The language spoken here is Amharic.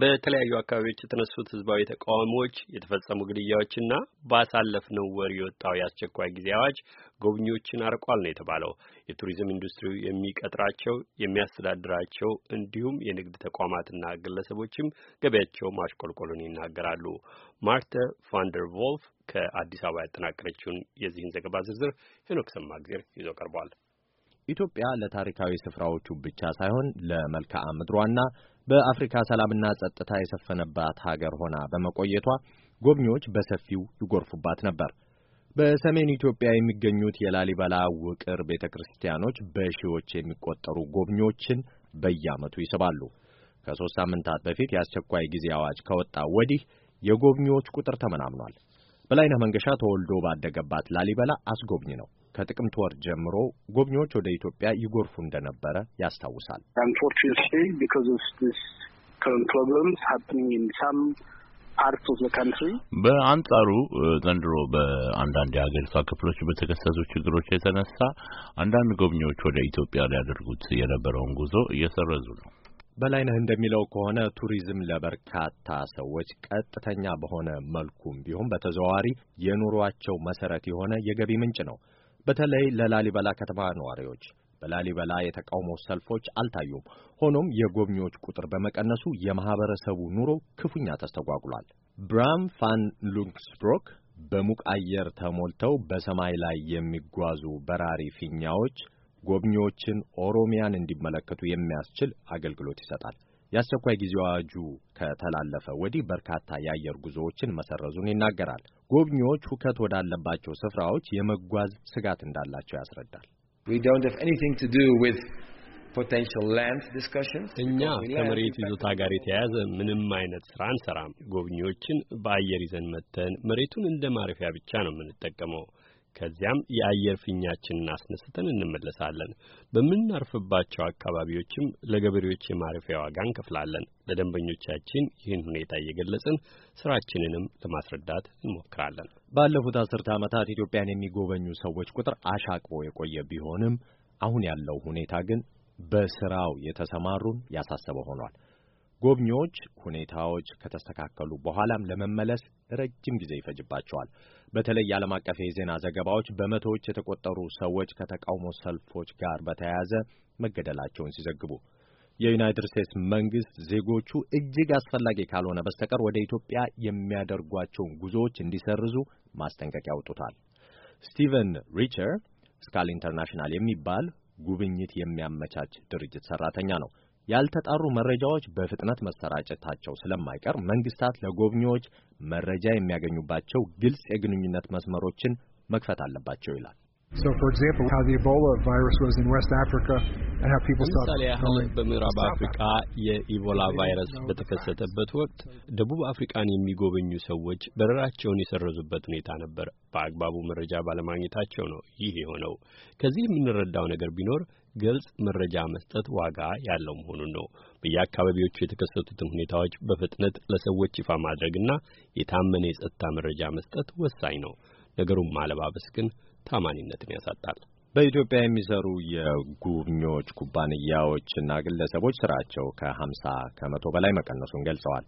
በተለያዩ አካባቢዎች የተነሱት ህዝባዊ ተቃውሞዎች፣ የተፈጸሙ ግድያዎችና ባሳለፍነው ወር የወጣው የአስቸኳይ ጊዜ አዋጅ ጎብኚዎችን አርቋል ነው የተባለው። የቱሪዝም ኢንዱስትሪው የሚቀጥራቸው የሚያስተዳድራቸው፣ እንዲሁም የንግድ ተቋማትና ግለሰቦችም ገበያቸው ማሽቆልቆሉን ይናገራሉ። ማርተ ቫንደር ቮልፍ ከአዲስ አበባ ያጠናቀረችውን የዚህን ዘገባ ዝርዝር ሄኖክ ጊዜር ይዞ ቀርቧል። ኢትዮጵያ ለታሪካዊ ስፍራዎቹ ብቻ ሳይሆን ለመልክዓ ምድሯና በአፍሪካ ሰላምና ጸጥታ የሰፈነባት ሀገር ሆና በመቆየቷ ጎብኚዎች በሰፊው ይጎርፉባት ነበር። በሰሜን ኢትዮጵያ የሚገኙት የላሊበላ ውቅር ቤተ ክርስቲያኖች በሺዎች የሚቆጠሩ ጎብኚዎችን በየዓመቱ ይስባሉ። ከሦስት ሳምንታት በፊት የአስቸኳይ ጊዜ አዋጅ ከወጣ ወዲህ የጎብኚዎች ቁጥር ተመናምኗል። በላይነህ መንገሻ ተወልዶ ባደገባት ላሊበላ አስጎብኝ ነው። ከጥቅምት ወር ጀምሮ ጎብኚዎች ወደ ኢትዮጵያ ይጎርፉ እንደነበረ ያስታውሳል። በአንጻሩ ዘንድሮ በአንዳንድ የሀገሪቷ ክፍሎች በተከሰቱ ችግሮች የተነሳ አንዳንድ ጎብኚዎች ወደ ኢትዮጵያ ሊያደርጉት የነበረውን ጉዞ እየሰረዙ ነው። በላይነህ እንደሚለው ከሆነ ቱሪዝም ለበርካታ ሰዎች ቀጥተኛ በሆነ መልኩም ቢሆን በተዘዋዋሪ የኑሯቸው መሰረት የሆነ የገቢ ምንጭ ነው። በተለይ ለላሊበላ ከተማ ነዋሪዎች በላሊበላ የተቃውሞ ሰልፎች አልታዩም። ሆኖም የጎብኚዎች ቁጥር በመቀነሱ የማህበረሰቡ ኑሮ ክፉኛ ተስተጓጉሏል። ብራም ፋን ሉንክስብሮክ በሙቅ አየር ተሞልተው በሰማይ ላይ የሚጓዙ በራሪ ፊኛዎች ጎብኚዎችን ኦሮሚያን እንዲመለከቱ የሚያስችል አገልግሎት ይሰጣል። የአስቸኳይ ጊዜ አዋጁ ከተላለፈ ወዲህ በርካታ የአየር ጉዞዎችን መሰረዙን ይናገራል። ጎብኚዎች ሁከት ወዳለባቸው ስፍራዎች የመጓዝ ስጋት እንዳላቸው ያስረዳል። እኛ ከመሬት ይዞታ ጋር የተያያዘ ምንም አይነት ስራ አንሰራም። ጎብኚዎችን በአየር ይዘን መተን መሬቱን እንደ ማረፊያ ብቻ ነው የምንጠቀመው። ከዚያም የአየር ፊኛችንን አስነስተን እንመለሳለን። በምናርፍባቸው አካባቢዎችም ለገበሬዎች የማረፊያ ዋጋ እንከፍላለን። ለደንበኞቻችን ይህን ሁኔታ እየገለጽን ስራችንንም ለማስረዳት እንሞክራለን። ባለፉት አስርተ ዓመታት ኢትዮጵያን የሚጎበኙ ሰዎች ቁጥር አሻቅቦ የቆየ ቢሆንም አሁን ያለው ሁኔታ ግን በስራው የተሰማሩን ያሳሰበ ሆኗል። ጎብኚዎች ሁኔታዎች ከተስተካከሉ በኋላም ለመመለስ ረጅም ጊዜ ይፈጅባቸዋል። በተለይ የዓለም አቀፍ የዜና ዘገባዎች በመቶዎች የተቆጠሩ ሰዎች ከተቃውሞ ሰልፎች ጋር በተያያዘ መገደላቸውን ሲዘግቡ፣ የዩናይትድ ስቴትስ መንግስት ዜጎቹ እጅግ አስፈላጊ ካልሆነ በስተቀር ወደ ኢትዮጵያ የሚያደርጓቸውን ጉዞዎች እንዲሰርዙ ማስጠንቀቂያ አውጥቷል። ስቲቨን ሪቸር ስካል ኢንተርናሽናል የሚባል ጉብኝት የሚያመቻች ድርጅት ሰራተኛ ነው። ያልተጣሩ መረጃዎች በፍጥነት መሰራጨታቸው ስለማይቀር መንግስታት ለጎብኚዎች መረጃ የሚያገኙባቸው ግልጽ የግንኙነት መስመሮችን መክፈት አለባቸው ይላል። So for example, how the Ebola virus was in West Africa and how people ለምሳሌ ያህል በምዕራብ አፍሪካ የኢቦላ ቫይረስ በተከሰተበት ወቅት ደቡብ አፍሪካን የሚጎበኙ ሰዎች በረራቸውን የሰረዙበት ሁኔታ ነበር። በአግባቡ መረጃ ባለማግኘታቸው ነው ይህ የሆነው። ከዚህ የምንረዳው ነገር ቢኖር ግልጽ መረጃ መስጠት ዋጋ ያለው መሆኑን ነው። በየአካባቢዎቹ የተከሰቱትን ሁኔታዎች በፍጥነት ለሰዎች ይፋ ማድረግና የታመነ የጸጥታ መረጃ መስጠት ወሳኝ ነው። ነገሩን ማለባበስ ግን ታማኒነትን ያሳጣል። በኢትዮጵያ የሚሰሩ የጉብኞች ኩባንያዎችና ግለሰቦች ስራቸው ከ50 ከመቶ በላይ መቀነሱን ገልጸዋል።